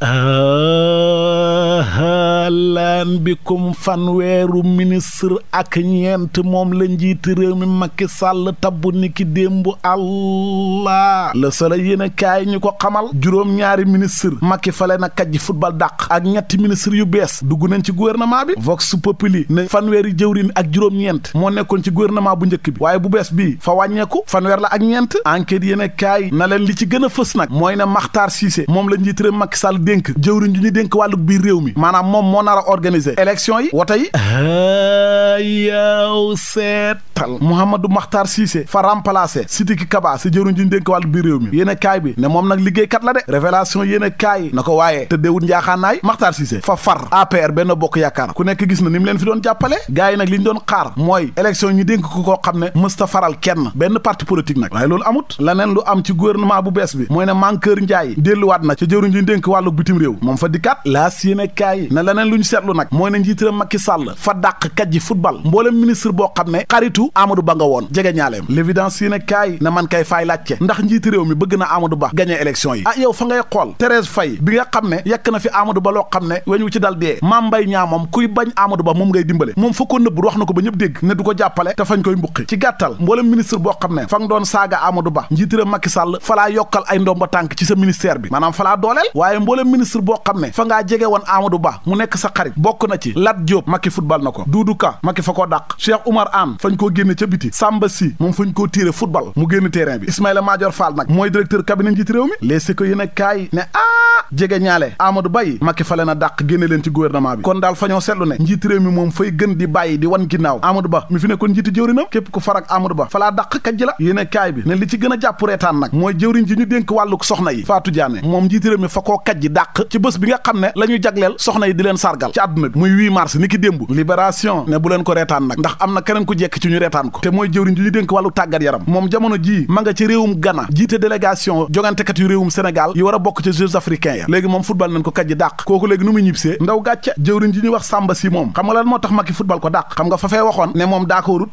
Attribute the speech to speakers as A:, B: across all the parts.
A: Uh, waxtaan bi kum fanweeru ministre ak ñeent moom la njiiti réew mi Macky Sall tabbu niki démb allah Le Soleil yéen a kaay ñu ko xamal juróom-ñaari ministre Macky fale na kajj football daq ak ñetti ministre yu bees dugg nañ ci gouvernement bi Vox Populi ne fanweeri jëwrin ak juróom-ñeent moo nekkoon ci gouvernement bu njëkk bi waaye bu bees bii fa wàññeeku fanweer la ak ñeent enquête yéen a kaay na leen li ci gën a fës nag mooy ne Makhtar Cissé moom la njiit réew Macky Sall dénk jëwrin ju ñu dénk wàllu biir réew mi maanaam moom moo nar a organiser élection yi wote yi yaaw seetal Mouhamadou Makhtar Cissé fa remplacé Sidiki Kaba si jëruñ ji ñu dénk wàllu biir réew mi yéen a kaay bi ne moom nag liggéeykat la de révélation yéen a kaay na ko waaye te déewut njaaxaanaay Makhtar Cissé fa far APR benn bokk yaakaar ku nekk gis na ni mu leen fi doon jàppale gars yi nag li ñu doon xaar mooy élection ñu dénk ko koo xam ne mësta faral kenn benn parti politique nag waaye loolu amut laneen lu am ci gouvernement bu bees bi mooy ne Mankeur Ndiaye delluwaat na ca jëruñ ji ñu dénk wàllu bitim réew nag mooy na njiitaram Macky Sall fa dàq kaj ji mboolem ministre boo xam ne xaritu Amadou Ba nga woon jege ñaaleem l'évidence yi kaay na man kay faay laajte ndax njiiti mi bëgg na Amadou Ba gagné élection yi ah yow fa ngay xool Thérèse Faye bi nga xam ne yàkk na fi Amadou Ba loo xam ne weñ wu ci dal dee Mame Mbaye Niang moom kuy bañ Amadou Ba moom ngay dimbale moom fa ko nëbbul wax na ko ba ñëpp dégg ne du ko jàppale te fañ koy mbuqi ci gàttal bokk na ci Lat Diop Macky football na ko Doudou Ka Macky fa koo dàq Cheikh Oumar Anne fañ koo génne ca biti Samba Sy moom fañ koo tiire football mu génn terrain bi Ismaïla Madior Fall nag mooy directeur cabinet njiit mi les si ko a kaay ne ah jege ñaale Amadou Baye Macky fale na dàq génne leen ci gouvernement bi kon daal fa ñoo seetlu ne njiit mi moom fay gën di bàyyi di wan ginnaaw Amadou Ba mi fi nekkoon njiiti jëwrinam képp ku farak Amadou Ba falaa a kaay bi ne li ci gën a yi Fatou Diané moom njiiti réew mi fa koo kaj ji dàq ci bés yi di leen sargal ci nag muy 8 mars ni ki démb libération ne bu leen ko reetaan nag ndax am na keneen ku jekk ci ñu reetaan ko te mooy jëwriñ li dénk wàllu tàggat yaram moom jamono jii ma nga ci réewum Ghana jiite délégation jongantekat yu réewum Sénégal yi war a bokk ci Jeux africains ya léegi moom football nañ ko kaj ji kooku léegi nu muy ñibsee ndaw gàcce jëwriñ ji ñuy wax Samba si moom xam nga lan moo tax Macky football ko dàq xam nga fa fee waxoon ne moom d'accordut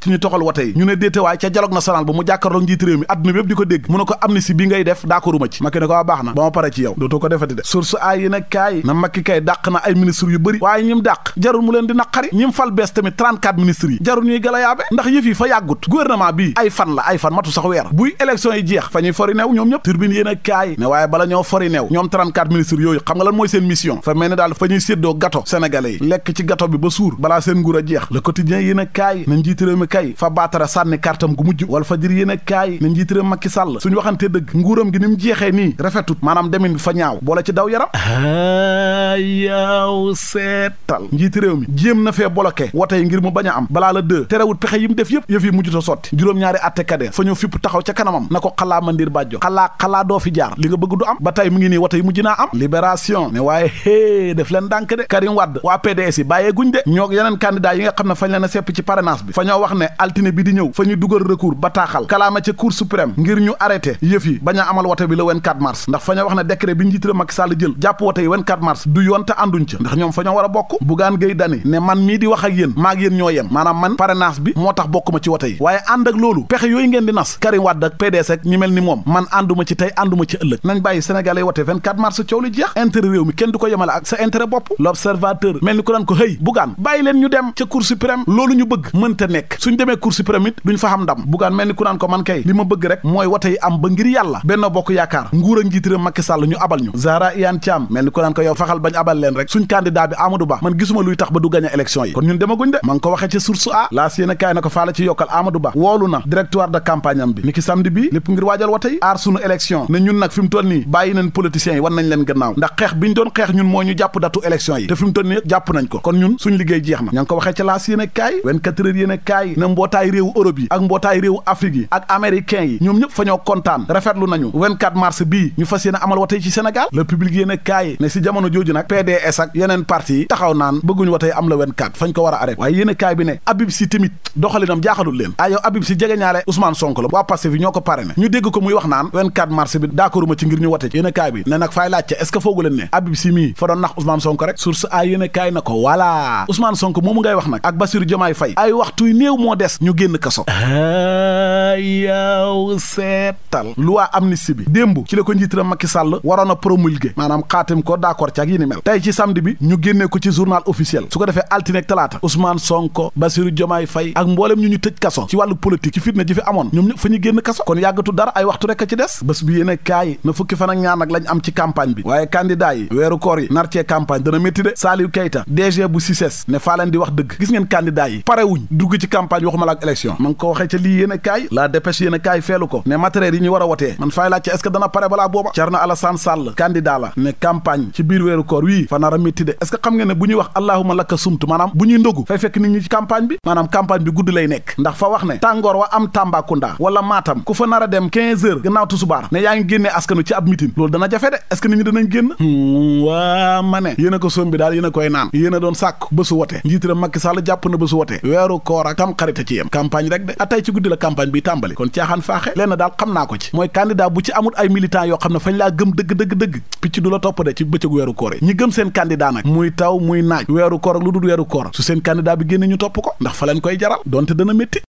A: ñim dàq jarul mu leen di naqari ñim fal bees tamit 34 ministres yi jarul ñuy gala yaabe ndax yëf fa yàggut gouvernement bi ay fan la ay fan matu sax weer buy élection yi jeex fa ñuy fori ñoom ñëpp turbine yéen a kaay ne waaye bala ñoo fori ñoom 34 ministres yooyu xam nga lan mooy seen mission fa mel ne daal fa ñuy séddoo gato sénégalais yi lekk ci gato bi ba suur balaa seen nguur a jeex le quotidien yéen a kaay na njiit kay fa tal njiiti réew mi jéem na fee bloqué wote yi ngir mu bañ a am balaa la deux terewut pexe yi mu def yëpp yëf yi mujjuta sotti juróom-ñaari attekade fa ñu fipp taxaw ca kanamam na ko xalaa mandir bàjjo xalaa xalaa doo fi jaar li nga bëgg du am ba tey mu ngi nii wote yi mujj naa am libération ne waaye hée def leen dànk de Karim Wade waa PDS yi bàyyee guñ de ñoo yeneen candidat yi nga xam ne fañ leen a sepp ci parrainage bi fa ñoo wax ne altine bi di ñëw fa ñu dugal recours bataaxal kalaama ca cour suprême ngir ñu arrêté yëf yi bañ a amal wote bi le 24 mars ñoo wax ne a bokk bokk Bougane Gueye Dany ne man mii di wax ak yéen maag ñoo yem maanaam man parrainage bi moo tax bokk ma ci wote yi waaye ànd ak loolu pexe yooyu ngeen di nas Karim Wade ak PDS ak mel ni moom man ànduma ci tey ànduma ci ëllëg nañ bàyyi sénégalais wote 24 mars coow li jeex intérêt réew mi kenn du ko yemale ak sa intérêt bopp l'observateur mel ni ko daan ko hëy Bougane bàyyi leen ñu dem ca cour suprême loolu ñu bëgg mënta nekk suñ demee cour suprême it duñ ku naan ko man kay li ma bëgg benn bokk yaakaar nguur a njiitëram Macky ñu abal ñu Zahra Iyane Thiam mel ni ku naan ko yow faxal bañ abal Ba man gisuma luy tax ba du gañ a yi kon ñun demaguñ de ma ko waxee ci source a laas yéen na ko faala ci yokkal Amadou Ba woolu na directoire de campagne bi ni ki samedi lépp ngir waajal wate aar sunu élection ne ñun nag fi nii bàyyi nañ politiciens yi war nañ leen gannaaw ndax xeex bi ñu doon xeex ñun moo ñu jàpp datu élection yi te fi nii jàpp nañ ko kon ñun suñ liggéey jeex na ña ko waxee ci laas yéen a kaay naan bëgguñu watee am la 24 fañ ko war a arrêté waaye yéen kaay bi ne Habib Sy tamit doxalinam jaaxalul leen ah yow Habib Sy jegeñaale Ousmane Sonko la waa Pastef bi ñoo ko parrainé ñu dégg ko muy wax naan 24 mars bi d'accord ci ngir ñu wate ci yéen kaay bi ne nag faay laajte est-ce ne Habib Sy mii fa nax Ousmane Sonko rek source a yéen kaay na ko voilà Ousmane Sonko moomu ngay wax nag ak Bassirou Diomaye Faye ay waxtuy néew moo des ñu a journal su ko defee altine talaata Ousmane Sonko Bassirou Diomaye Faye ak mboolem ñu ñu tëj kaso ci wàllu politique ci fitna ji fi amoon ñoom ñëpp fa ñu génn kaso kon yàggatu dara ay waxtu rek a ci des bés bi yéene na fukki fan ak ñaar am ci campagne bi waaye candidat yi weeru koor yi nar cee campagne dana métti de Saliou Keita DG bu CICES ne faa di wax dëgg gis ngeen candidat yi parewuñ dugg ci campagne waxuma ak élection ma ko waxee ca wa am Tambacounda wala a dem quinze heures gannaaw tusubaar ne yaa ngi génnee askanu ci ab mitin loolu dana jafe de est hmm, waa ma ne yéen a ko sombi daal yéen koy naan yéen doon sàkk bésu wote njiitëram Macky Sall jàpp na bésu wote weeru koor ak tam xarita ci yem campagne rek de atay ci guddi la campagne bi tàmbali kon caaxaan faaxe lenn daal xam naa ko ci mooy candidat bu ci amul ay militants yoo xam ne fañ laa gëm dëgg dëgg picc du la topp de ci bëccëgu weeru koor yi ñi gëm seen candidat nag muy taw muy naaj weeru koor lu dul weeru koor su seen candidat bi génne ñu topp ko ndax fa leen koy jaral donte dana métti